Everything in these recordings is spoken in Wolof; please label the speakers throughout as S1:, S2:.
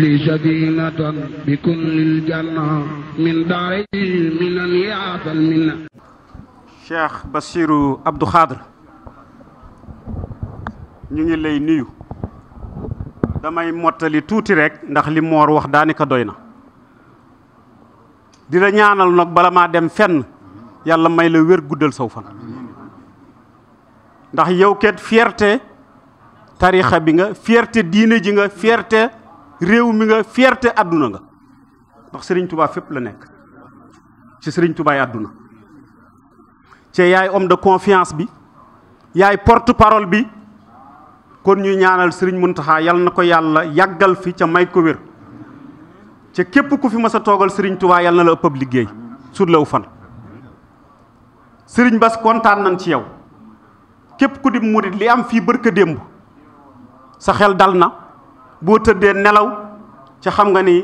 S1: li sadinatan bi kun lil janna ñu ngi lay nuyu damay mottali tuuti rek ndax li moor wax daanaka doy na dina la ñaanal nag bala maa dem fenn yàlla may la wér guddal saw fan ndax yow ket fierté tarixa bi nga fierté diine ji nga fierté réew mi nga fierté àdduna nga ndax sëriñ tubaa fépp la nekk ci sëriñ tubaay àdduna ci yaay homme de confiance bi yaay porte parole bi kon ñu ñaanal sëriñ Muntaxa yal na ko yàlla yàggal fi ca may ko wér ca képp ku fi mas a toogal sëriñ tubaa yal na la ëpp ab liggéey sur lew fan sëriñ Bas kontaan nañ ci yow képp ku di murit li am fii bërka démb sa xel dal na boo tëddee nelaw ci xam nga ni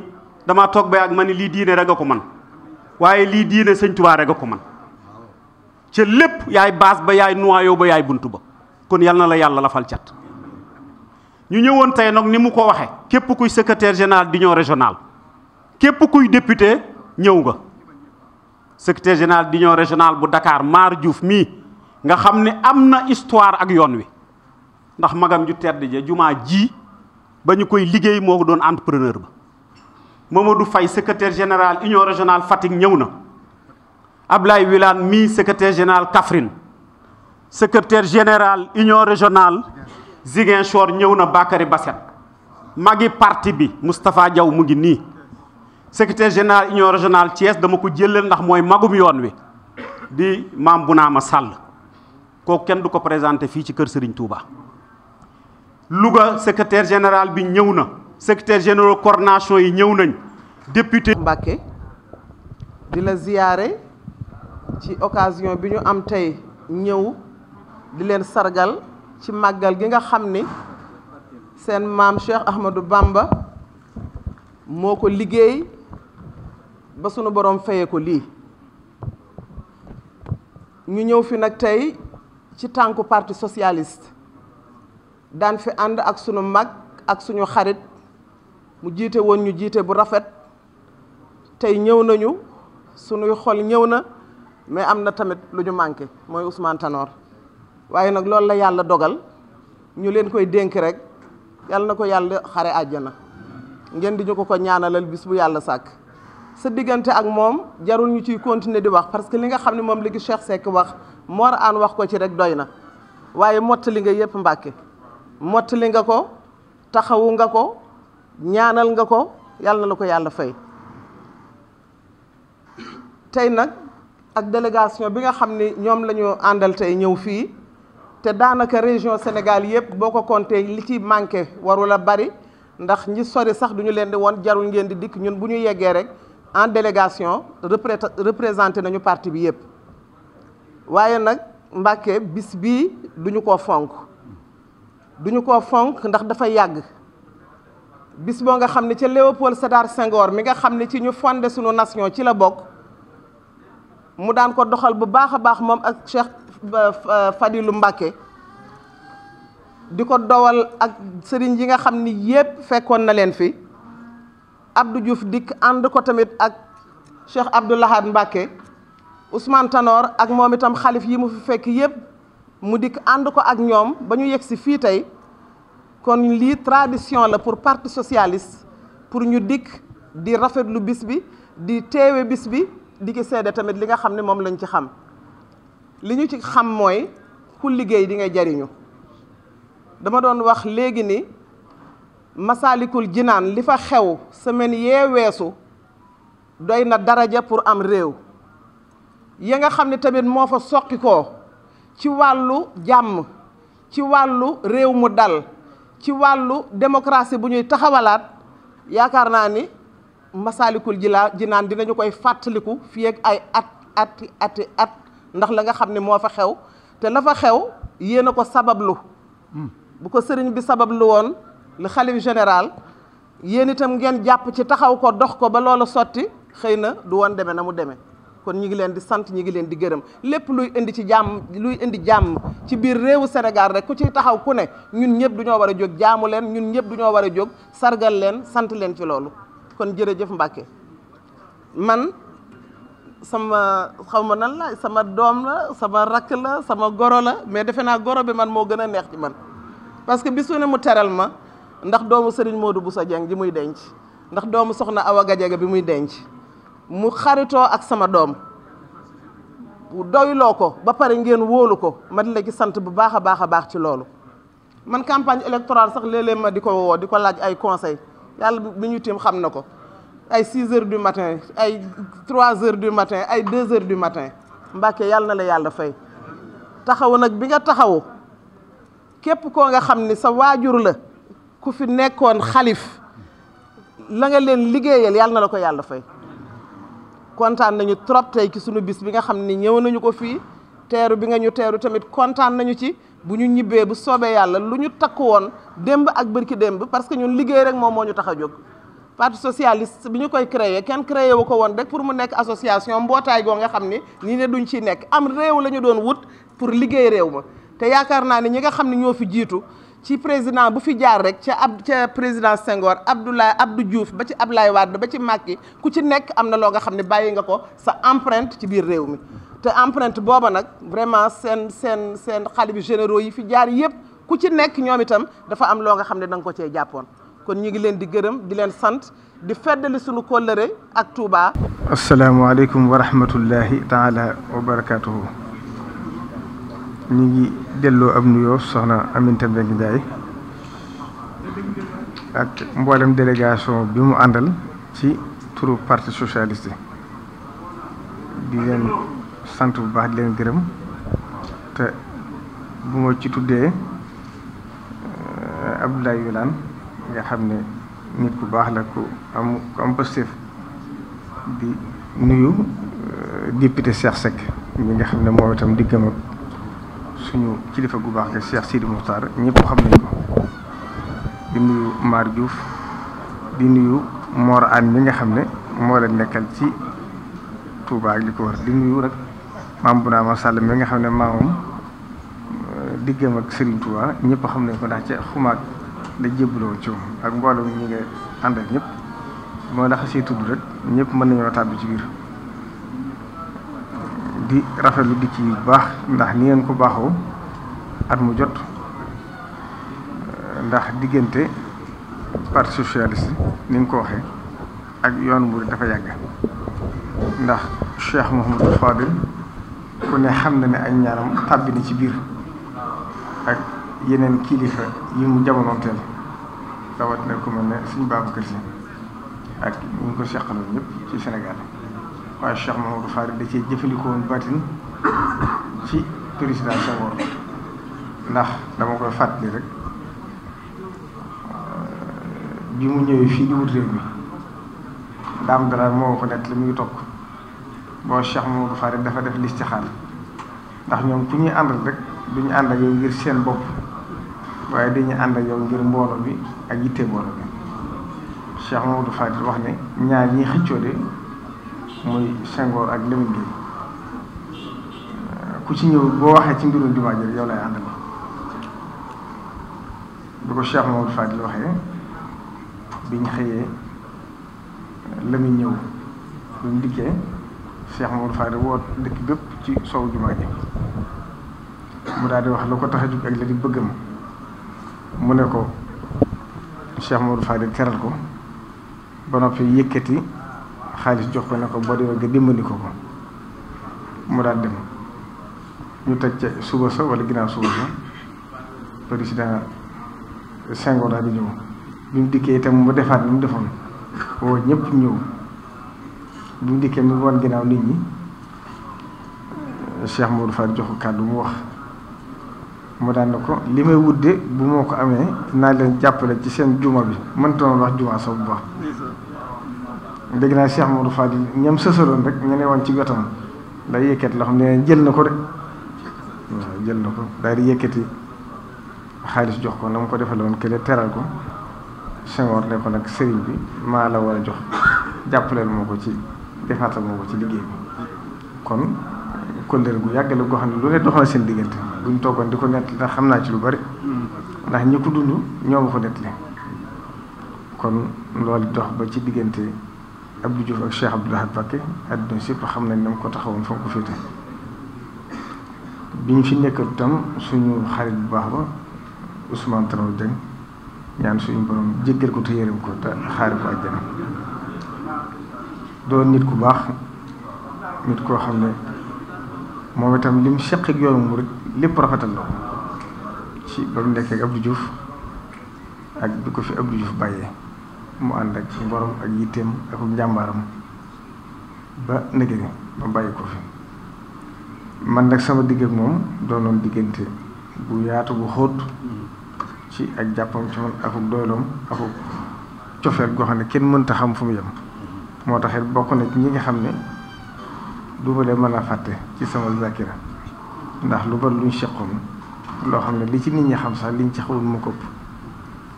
S1: dama toog ba yàgg ma ni lii diine rek ko man waaye lii diine sëñ Tuubaa rek ko man ca lépp yaay baas ba yaay noyau ba yaay bunt ba kon yal na la yàlla lafal cat ñu ñëwoon tey nag ni mu ko waxe képp kuy secrétaire général d'union régionale képp kuy député ñëw nga secrétaire général d'union régionale bu dakaar Mar Diouf mii nga xam ne am na histoire ak yoon wi ndax magam ju tedd ja jumaa ji ba ñu koy liggéey moo doon entrepreneur ba du Faye secretaire général union régional Fatick ñëw na Ablaye Wilane mii secretaire général Kaffrine secretaire général union régionale Ziguinchor ñëw na Bakary Basset magi parti bi Moustapha jaw mu ngi nii secrétaire général union régional Thiès dama ko jëlal ndax mooy magum yoon wi di maam bu naama sàll kooku kenn du ko présenté fii ci kër Serigne Touba Louga secretaire général bi ñëw na secrétaire général
S2: coordination yi ñëw nañ député Mbacké di la ziyaare ci occasion bi ñu am tey ñëw di leen sargal ci màggal gi nga xam ni seen maam Cheikh Ahmadou Bamba moo ko liggéey ba sunu borom fayee ko lii ñu ñëw fi nag tey ci tànku parti socialist daan fi ànd ak suñu mag ak suñu xarit mu jiite woon ñu jiite bu rafet tey ñëw nañu sunuy xol ñëw na mais am na tamit lu ñu manqué mooy Ousmane Tanor waaye nag loolu la yàlla dogal ñu leen koy dénk rek yàlla na ko yàlla xare àjjana ngeen di ñu ko ko ñaanalal bis bu yàlla sàkk sa diggante ak moom jarul ñu ciy continuer di wax parce que li nga xam ne moom léegi Cheikh Seck wax Mor Anne wax ko ci rek doy na waaye mottali nga yëpp Mbàkke mottali nga ko taxawu nga ko ñaanal nga ko yàlla na la ko yàlla fay tey nag ak délégation bi nga xam ni ñoom la ñu àndal tey ñëw fii te daanaka région Sénégal yëpp boo ko compté li ci manqué warul a bari ndax ñi sori sax du ñu leen di woon jarul ngeen di dikk ñun bu ñu yeggee rek en délégation représenté nañu parti bi yëpp waaye nag Mbàkke bis bii duñu ko fonk duñu ko fonk ndax dafa yàgg bis boo nga xam ne ca Léopold Sédar sengoor mi nga xam ne ci ñu fonde suñu nation ci la bokk mu daan ko doxal bu baax a baax moom ak Cheikh euh, Fadilou Mbacké di ko dowal ak sëriñ yi nga xam ni yépp fekkoon na leen fi Abdou Diouf dikk ànd ko tamit ak Cheikh Abdou Lahad Mbacké Ousmane Tanor ak moom itam xalif yi mu fi fekk yépp mu dikk ànd ko ak ñoom ba ñu yegg si fii tey kon lii tradition la pour partie socialiste pour ñu dikk di rafetlu bis bi di teewe bis bi di ki seede tamit li nga xam ne moom lañ ci xam li ñu ci xam mooy ku liggéey di nga jariñu dama doon wax léegi ni Masaalikul Jinaan li fa xew semaine yee weesu doy na daraja pour am réew ya nga xam ne tamit moo fa soqikoo ci wàllu jàmm ci wàllu réew mu dal ci wàllu démocratie bu ñuy taxawalaat yaakaar naa ni masaalikul jilaa ji jinaan dinañu koy fàttaliku fii ak ay at at at at ndax la nga xam ne moo fa xew te la fa xew yéen ko sabablu hmm. bu ko sëriñ bi sabablu woon le xalif général yéen itam ngeen jàpp ci taxaw ko dox ko ba loola sotti xëy na du woon deme na mu demee kon ñi ngi leen di sant ñi ngi leen di gërëm lépp luy indi ci jàmm luy indi jàmm ci biir réewu Sénégal rek ku ci taxaw ku ne ñun ñëpp duñoo war a jóg jaamu leen ñun ñëpp du war a jóg sargal leen sant leen ci loolu kon jërëjëf Mbàkke man sama xaw ma nan la sama doom la sama rakk la sama goro la mais defe naa goro bi man moo gën a neex ci man parce que bisu ne mu teral ma ndax doomu Serigne Modou Bousso Dieng ji muy denc ndax doomu Soxna Awa Gadiaga bi muy denc mu xaritoo ak sama doom doyloo ko ba pare ngeen wóolu ko ma di la ci sant bu baax a baax a baax ci loolu man campagne électorale sax léeg-léeg ma di ko woo di ko laaj ay conseil yàlla bi ñu tiim xam na ko ay 6 heures du matin ay trois heures du matin ay 2 heures du matin Mbàkke yàlla na la yàlla fay taxaw nag bi nga taxaw képp koo nga xam ni sa waajur la ku fi nekkoon xalif la nga leen liggéeyal yàlla na la ko yàlla fay kontaan nañu trop tey ki sunu bis bi nga xam ni ñëw nañu ko fii teeru bi nga ñu teeru tamit kontaan nañu ci bu ñu ñibbee bu soobee yàlla lu ñu takku woon démb ak bërki démb parce que ñun liggéey rek moom moo ñu tax a jóg. parti socialiste bi ñu koy créer kenn créer wu ko woon rek pour mu nekk association mbootaay goo nga xam ni nii ne duñ ciy nekk am réew la ñu doon wut pour liggéey réew ma te yaakaar naa ni ñi nga xam ne ñoo fi jiitu. ci président bu fi jaar rek ca ab ca président Senghor Abdoulaye Abdou Diouf ba ci waat Wade ba ci Macky ku ci nekk am na loo nga xam ne bàyyi nga ko sa empreinte ci biir réew mi te empreinte booba nag vraiment seen seen seen xalifa généraux yi fi jaar yëpp ku ci nekk ñoom itam dafa am loo nga xam ne da ko cee jàppoon kon ñu ngi leen di gërëm di leen sant di feddali suñu kóllëre ak Touba.
S3: asalaamaaleykum wa rahmatullahi taala wa barakaatuhu. ñu ngi delloo ab nuyoo soxna Aminata Mbengue Ndiaye ak mboolem délégation bi mu àndal ci turu parti socialiste di leen sant bu baax di leen gërëm te bu ma ci tuddee euh, Abdoulaye Wilane nga xam ne nit ku baax la ku am ku am positif di nuyu euh, député Cheikh Seck mi nga xam ne moom itam diggam suñu kilifa gu baax gi Cheikh Sidi Moukhtar ñëpp xam nañ ko di nuyu Mar Diouf di nuyu Mor Anne mi nga xam ne moo leen nekkal ci Touba ak li ko war di nuyu rek maam bu naa ma sàll mi nga xam ne maamam euh, diggam ak Serigne Touba ñëpp xam nañ ko ndax ca xumaag la jébbaloo ci ak mbooloo ñu nga àndal ñëpp moo tax see tudd rek ñëpp mën nañoo tàbbi ci biir. di rafetlu dikk yi bu baax ndax ni ngeen ko baaxoo at mu jot eh, ndax diggante parti socialiste ni nga ko waxee ak yoon bu dafa yàgg ndax Cheikh Mouhamadou Fadil kon ne xam na ne ay ñaaram tàbbi ci biir ak yeneen kilifa yi mu jamonoonteel rawatina ku mel ne suñu Babacar Si ak ñu ko seqaloon ñëpp ci Sénégal waaye Cheikh Mamadou Farid da cee jëfandikoo woon batin ci président Senghor ndax dama koy fàttali rek euh, bi mu ñëwee fii di wut réew mi daam dara moo ko nekk li muy toog boo Cheikh Mamadou Farid dafa def listixaar ndax ñoom ku ñuy àndal rek duñu ànd ak yow ngir seen bopp waaye dañuy ànd ak yow ngir mbooloo bi ak yitte mbooloo bi Cheikh Mamadou Farid wax ne ñaar ñi xëccoo de muy Senghor ak Lamine gi euh, ku ci ñëw boo waxee ci mbirum jumaa ji yow lay àndal du ko Cheikh Mamadou Fadil waxee biñ xëyee Lamine ñëw bu ñu dikkee Cheikh Mamadou Fadil woo dëkk bépp ci sow jumaa ji mu daal di wax lu ko tax a ak la di bëggam mu ne ko Cheikh Mamadou Fadil teral ko ba noppi yëkkati xaalis jox ko ne ko boo demee nga dimbali ko ko mu daal dem ñu teg ca suba sa wala ginnaaw suba sa président Senghor daal di ñëw bi mu dikkee itam mu defaat li mu defoon woo ñëpp ñëw bi mu dikkee mu wan ginnaaw nit ñi Cheikh Modou jox ko kàddu mu wax mu daan ne ko li may wudde bu moo ko amee naa leen jàppale ci seen juma bi mënta noonu wax juma sa bu baax dégg naa Cheikh Modou Fadi ñam sësaloon rek ñu ne woon ci wetam day yëkkati loo xam ne jël na ko de waaw jël na ko daal di yëkkati xaalis jox ko na mu ko defal woon teral ko Senghor ne ko nag sëriñ bi maa la war a jox jàppaleel moo ko ci defaatal moo ko ci liggéey bi kon kóllëre gu yàgg la goo xam ne lu ne dox na seen diggante buñ toogoon di ko nett ndax xam naa ci lu bari ndax ñi ko dund ñoo ma ko nettali kon loolu dox ba ci diggante Abdou Diouf ak Cheikh Abdou Lahad Mbacké àdduna sépp xam nañ ne mu ko taxawoon fa ko féete bi ñu fi nekkatu tam suñu xarit bu baax ba Ousmane Tanor Dieng ñaan suñu borom jéggal ko te yërëm ko te xaari ko àjjana doon nit ku baax nit koo xam ne moom itam lim seq ak yoonu murit lépp rafetal na ci ba mu nekkee ak Abdou ak bi ko fi Abdou Diouf bàyyee mu ànd ak mboroom ak yitteem ak njàmbaram ba ndege ni ba bàyyi ko fi man nag sama digg ak moom doonoon diggante bu yaatu bu xóot ci ak jàppam ci man akuk doyloom akuk cofeel goo xam ne kenn mënta xam fu mu yem moo tax it bokk na ci ñi nga xam ne du ma leen mën a fàtte ci sama zakira ndax lu bari luñ seqoon loo xam ne li ci nit ñi xam sax liñ ci xawul mu këpp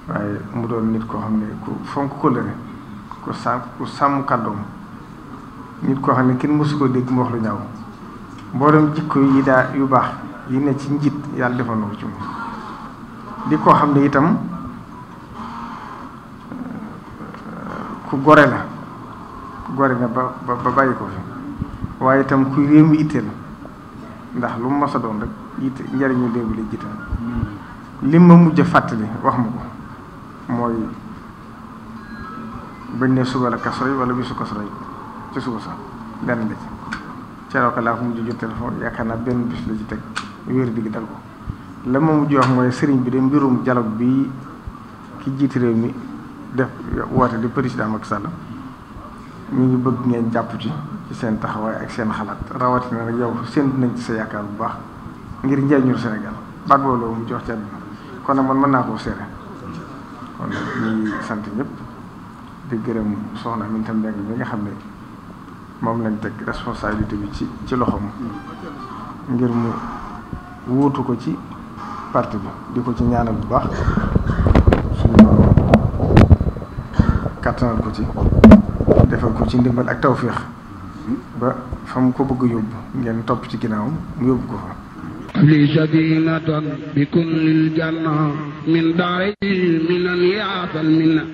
S3: waaye mu doon nit koo xam ne ku fonk ko ku sàmm ku sàmm kàddoom nit koo xam ne kenn mësu dégg mu wax lu ñaaw mboolem jikko yi daa yu baax yi ne ci njiit yàlla defal na ko ci moom di koo xam ne itam ku gore la gore na ba ba bàyyi ko fi waaye itam ku réew mi itteel ndax lu mu mos doon rek yitte njëriñu léegi lay jiital
S1: hmm.
S3: lim ma mujj a fàttali wax ma ko mooy bañ ne suba la Kazu Rajab wala bisu Kazu ci suba sax benn la ci Cerno Kala mu mujj jot téléphone yaakaar naa benn bis la ci teg wéer digg dal ko la ma mujj wax mooy sëriñ bi de mbirum dialogue bi ki jiit réew mi def woote di président Macky Sall mi ngi bëgg ngeen jàpp ci ci seen taxawaay ak seen xalaat rawatina nag yow séntu nañ ci sa yaakaar bu baax ngir njëriñu Sénégal baat boobu la mu jox ci àdduna kon nag man mën naa koo seere kon ñu ngi sant ñëpp di gërëm soxna mi tam nekk mi nga xam ne moom lañ teg responsabilité bi ci ci loxoom ngir mu wuutu ko ci parti bi di ko ci ñaanal bu baax suñu kattanal ko ci defal ko ci ndimbal ak tawféex ba fa mu ko bëgg yóbbu ngeen topp ci ginnaawam mu yóbbu ko fa
S1: li sadinatan bi kun lil janna min daari afdal minna